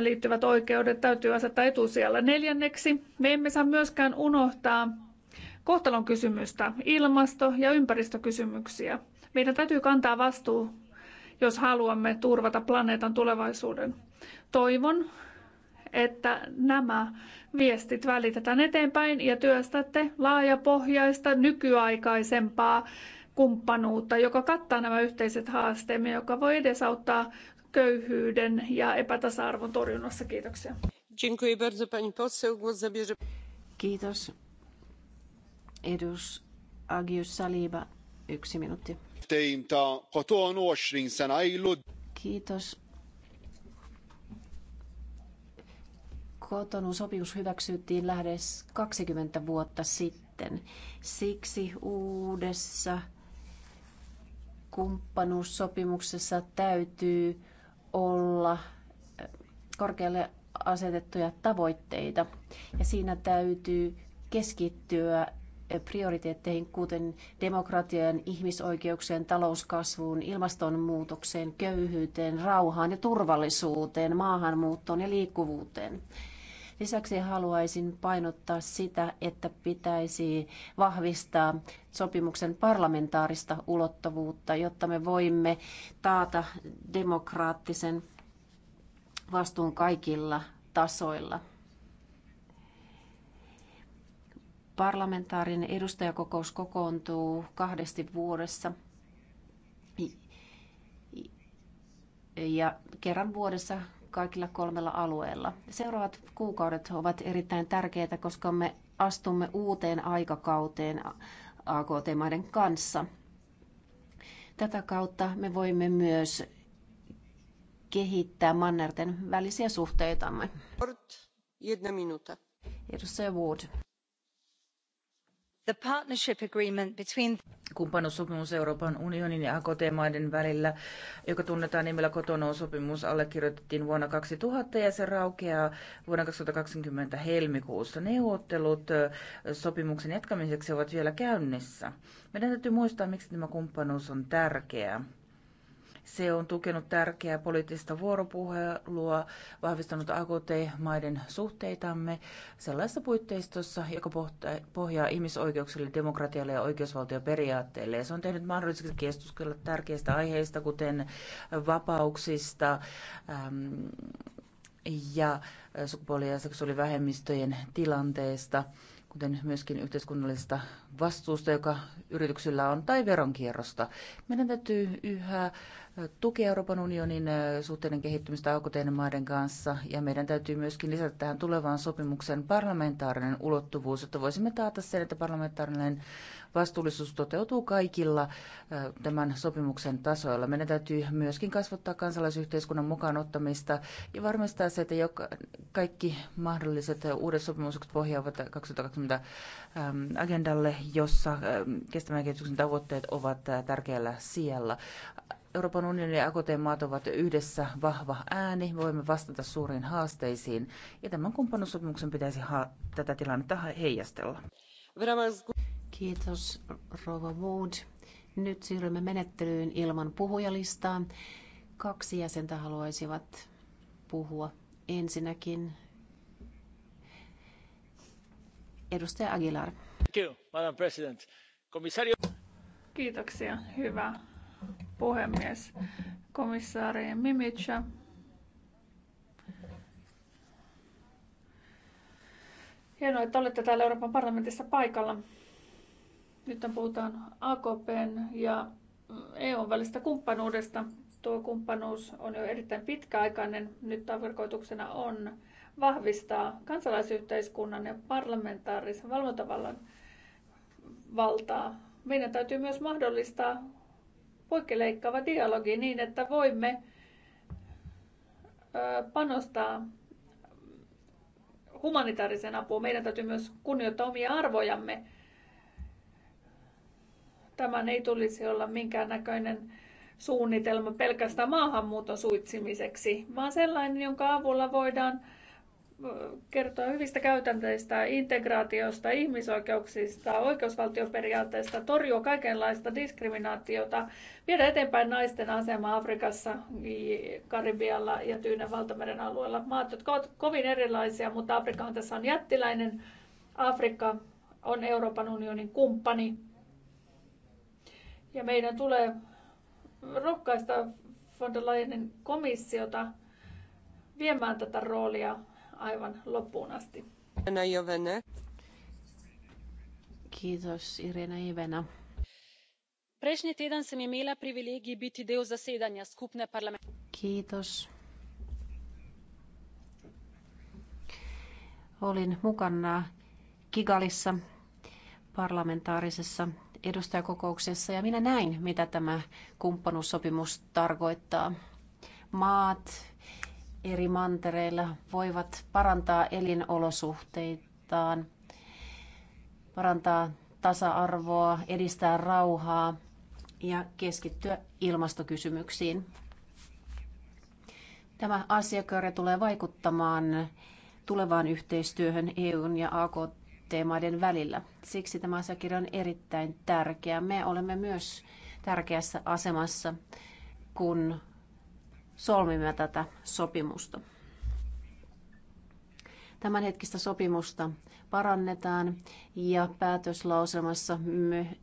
liittyvät oikeudet täytyy asettaa etusijalla. Neljänneksi, me emme saa myöskään unohtaa kohtalon kysymystä, ilmasto- ja ympäristökysymyksiä. Meidän täytyy kantaa vastuu, jos haluamme turvata planeetan tulevaisuuden. Toivon, että nämä viestit välitetään eteenpäin ja työstätte laajapohjaista, nykyaikaisempaa kumppanuutta, joka kattaa nämä yhteiset haasteemme, joka voi edesauttaa köyhyyden ja epätasa-arvon torjunnassa. Kiitoksia. Kiitos. Edus Agius Saliba, yksi minuutti. Kiitos. Kotonun sopimus hyväksyttiin lähes 20 vuotta sitten. Siksi uudessa kumppanuussopimuksessa täytyy olla korkealle asetettuja tavoitteita ja siinä täytyy keskittyä prioriteetteihin, kuten demokratian, ihmisoikeuksien, talouskasvuun, ilmastonmuutokseen, köyhyyteen, rauhaan ja turvallisuuteen, maahanmuuttoon ja liikkuvuuteen. Lisäksi haluaisin painottaa sitä, että pitäisi vahvistaa sopimuksen parlamentaarista ulottuvuutta, jotta me voimme taata demokraattisen vastuun kaikilla tasoilla. Parlamentaarinen edustajakokous kokoontuu kahdesti vuodessa ja kerran vuodessa kaikilla kolmella alueella. Seuraavat kuukaudet ovat erittäin tärkeitä, koska me astumme uuteen aikakauteen AKT-maiden kanssa. Tätä kautta me voimme myös kehittää mannerten välisiä suhteitamme. Edustaja Wood Kumppanuussopimus Euroopan unionin ja AKT-maiden välillä, joka tunnetaan nimellä Kotonou-sopimus, allekirjoitettiin vuonna 2000 ja se raukeaa vuonna 2020 helmikuussa. Neuvottelut sopimuksen jatkamiseksi ovat vielä käynnissä. Meidän täytyy muistaa, miksi tämä kumppanuus on tärkeä. Se on tukenut tärkeää poliittista vuoropuhelua, vahvistanut AKT-maiden suhteitamme sellaisessa puitteistossa, joka pohjaa ihmisoikeuksille, demokratialle ja oikeusvaltioperiaatteelle. Ja se on tehnyt mahdolliseksi keskustella tärkeistä aiheista, kuten vapauksista äm, ja sukupuoli- ja seksuaalivähemmistöjen tilanteesta kuten myöskin yhteiskunnallisesta vastuusta, joka yrityksillä on, tai veronkierrosta. Meidän täytyy yhä tukea Euroopan unionin suhteiden kehittymistä aukoteiden maiden kanssa, ja meidän täytyy myöskin lisätä tähän tulevaan sopimuksen parlamentaarinen ulottuvuus, että voisimme taata sen, että parlamentaarinen vastuullisuus toteutuu kaikilla tämän sopimuksen tasoilla. Meidän täytyy myöskin kasvattaa kansalaisyhteiskunnan mukaan ottamista ja varmistaa se, että joka, kaikki mahdolliset uudet sopimukset pohjaavat 2020 agendalle jossa ähm, kestävän kehityksen tavoitteet ovat äh, tärkeällä sijalla. Euroopan unionin ja AKT-maat ovat yhdessä vahva ääni. Voimme vastata suuriin haasteisiin ja tämän kumppanuussopimuksen pitäisi tätä tilannetta heijastella. Kiitos, Rova Wood. Nyt siirrymme menettelyyn ilman puhujalistaa. Kaksi jäsentä haluaisivat puhua. Ensinnäkin edustaja Aguilar madam president kiitoksia hyvä puhemies komissaari mimica hienoa että olette täällä euroopan parlamentissa paikalla. nyt puhutaan akpn ja eun välisestä kumppanuudesta. tuo kumppanuus on jo erittäin pitkäaikainen. nyt tarkoituksena on vahvistaa kansalaisyhteiskunnan ja parlamentaarisen valvontavallan valtaa. Meidän täytyy myös mahdollistaa poikkeleikkaava dialogi niin, että voimme panostaa humanitaarisen apuun. Meidän täytyy myös kunnioittaa omia arvojamme. Tämän ei tulisi olla minkäännäköinen suunnitelma pelkästään maahanmuuton suitsimiseksi, vaan sellainen, jonka avulla voidaan kertoa hyvistä käytänteistä, integraatiosta, ihmisoikeuksista, oikeusvaltioperiaatteista, torjua kaikenlaista diskriminaatiota, viedä eteenpäin naisten asemaa Afrikassa, Karibialla ja Tyynen valtameren alueella. Maat, jotka ovat kovin erilaisia, mutta on tässä on jättiläinen. Afrikka on Euroopan unionin kumppani. Ja meidän tulee rohkaista von der Leyenin komissiota viemään tätä roolia aivan loppuun asti. Jovene. Kiitos Irena Ivena. Prejšnji teden sem imela privilegij biti del zasedanja skupne parlament. Kiitos. Olin mukana Kigalissa parlamentaarisessa edustajakokouksessa ja minä näin, mitä tämä kumppanuussopimus tarkoittaa. Maat, eri mantereilla voivat parantaa elinolosuhteitaan, parantaa tasa-arvoa, edistää rauhaa ja keskittyä ilmastokysymyksiin. Tämä asiakirja tulee vaikuttamaan tulevaan yhteistyöhön EUn ja AKT-maiden välillä. Siksi tämä asiakirja on erittäin tärkeä. Me olemme myös tärkeässä asemassa, kun solmimme tätä sopimusta. Tämänhetkistä sopimusta parannetaan ja päätöslauselmassa me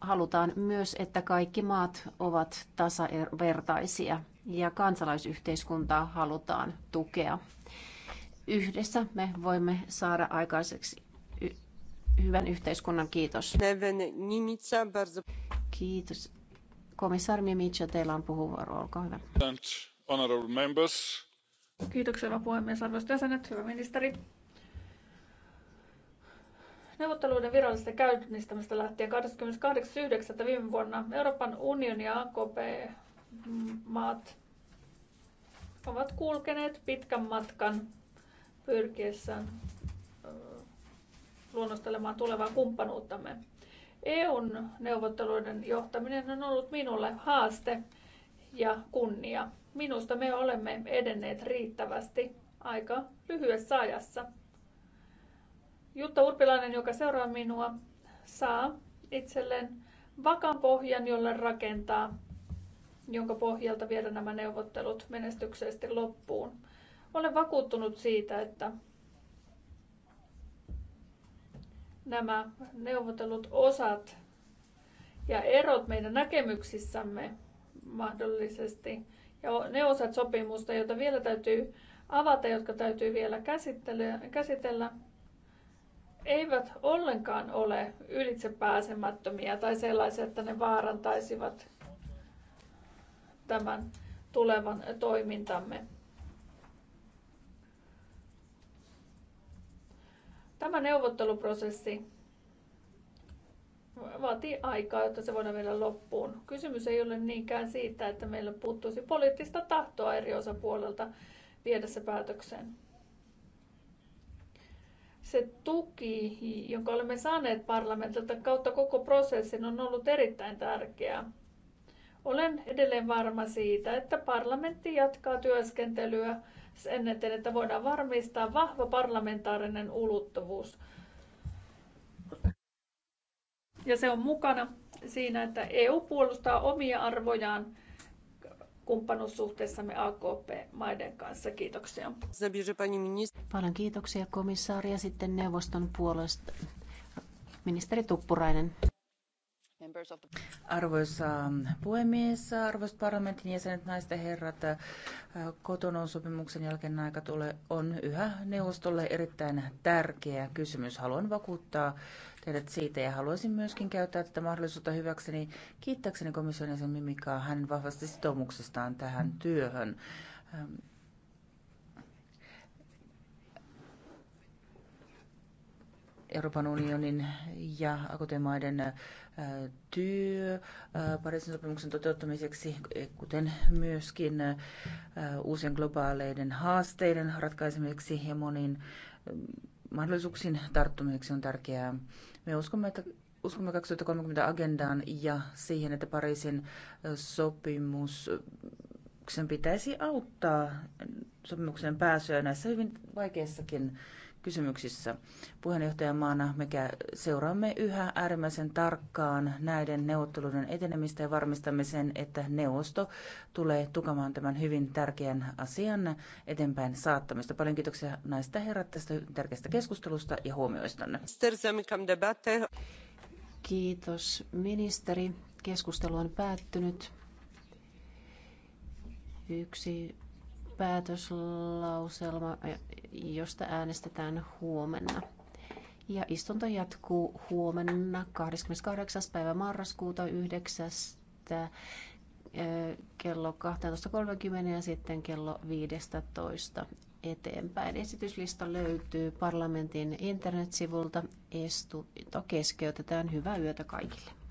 halutaan myös, että kaikki maat ovat tasavertaisia ja kansalaisyhteiskuntaa halutaan tukea. Yhdessä me voimme saada aikaiseksi hyvän yhteiskunnan. Kiitos. Kiitos. Komissaari Mimica, teillä on puheenvuoro. Olkaa hyvä honourable members. Kiitoksia, puhemies, arvoisat jäsenet, hyvä ministeri. Neuvotteluiden virallisesta käynnistämistä lähtien 28.9. viime vuonna Euroopan unioni ja AKP-maat ovat kulkeneet pitkän matkan pyrkiessään luonnostelemaan tulevaa kumppanuuttamme. EUn neuvotteluiden johtaminen on ollut minulle haaste ja kunnia minusta me olemme edenneet riittävästi aika lyhyessä ajassa. Jutta Urpilainen, joka seuraa minua, saa itselleen vakan pohjan, jolle rakentaa, jonka pohjalta viedä nämä neuvottelut menestyksellisesti loppuun. Olen vakuuttunut siitä, että nämä neuvotellut osat ja erot meidän näkemyksissämme mahdollisesti ja ne osat sopimusta, joita vielä täytyy avata, jotka täytyy vielä käsitellä, eivät ollenkaan ole ylitsepääsemättömiä tai sellaisia, että ne vaarantaisivat tämän tulevan toimintamme. Tämä neuvotteluprosessi vaatii aikaa, jotta se voidaan vielä loppuun. Kysymys ei ole niinkään siitä, että meillä puuttuisi poliittista tahtoa eri osapuolelta viedä se päätökseen. Se tuki, jonka olemme saaneet parlamentilta kautta koko prosessin, on ollut erittäin tärkeää. Olen edelleen varma siitä, että parlamentti jatkaa työskentelyä sen eteen, että voidaan varmistaa vahva parlamentaarinen ulottuvuus ja se on mukana siinä, että EU puolustaa omia arvojaan kumppanuussuhteessamme AKP-maiden kanssa. Kiitoksia. Paljon kiitoksia komissaari ja sitten neuvoston puolesta ministeri Tuppurainen. Arvoisa puhemies, arvoisat parlamentin jäsenet, naiset ja herrat, kotonon sopimuksen jälkeen aika tule on yhä neuvostolle erittäin tärkeä kysymys. Haluan vakuuttaa teidät siitä ja haluaisin myöskin käyttää tätä mahdollisuutta hyväkseni kiittääkseni komission jäsen Mimikaa hän vahvasti sitoumuksestaan tähän työhön. Euroopan unionin ja akutemaiden äh, työ äh, Pariisin sopimuksen toteuttamiseksi, kuten myöskin äh, uusien globaaleiden haasteiden ratkaisemiseksi ja moniin mahdollisuuksiin tarttumiseksi on tärkeää. Me uskomme, että uskomme 2030 agendaan ja siihen, että Pariisin sopimus sen pitäisi auttaa sopimuksen pääsyä näissä hyvin vaikeissakin kysymyksissä. Puheenjohtajamaana me seuraamme yhä äärimmäisen tarkkaan näiden neuvotteluiden etenemistä ja varmistamme sen, että neuvosto tulee tukemaan tämän hyvin tärkeän asian eteenpäin saattamista. Paljon kiitoksia näistä herrat tästä tärkeästä keskustelusta ja huomioistanne. Kiitos ministeri. Keskustelu on päättynyt. Yksi päätöslauselma, josta äänestetään huomenna. Ja istunto jatkuu huomenna 28. päivä marraskuuta 9. kello 12.30 ja sitten kello 15 eteenpäin. Esityslista löytyy parlamentin internetsivulta. Istunto keskeytetään. Hyvää yötä kaikille.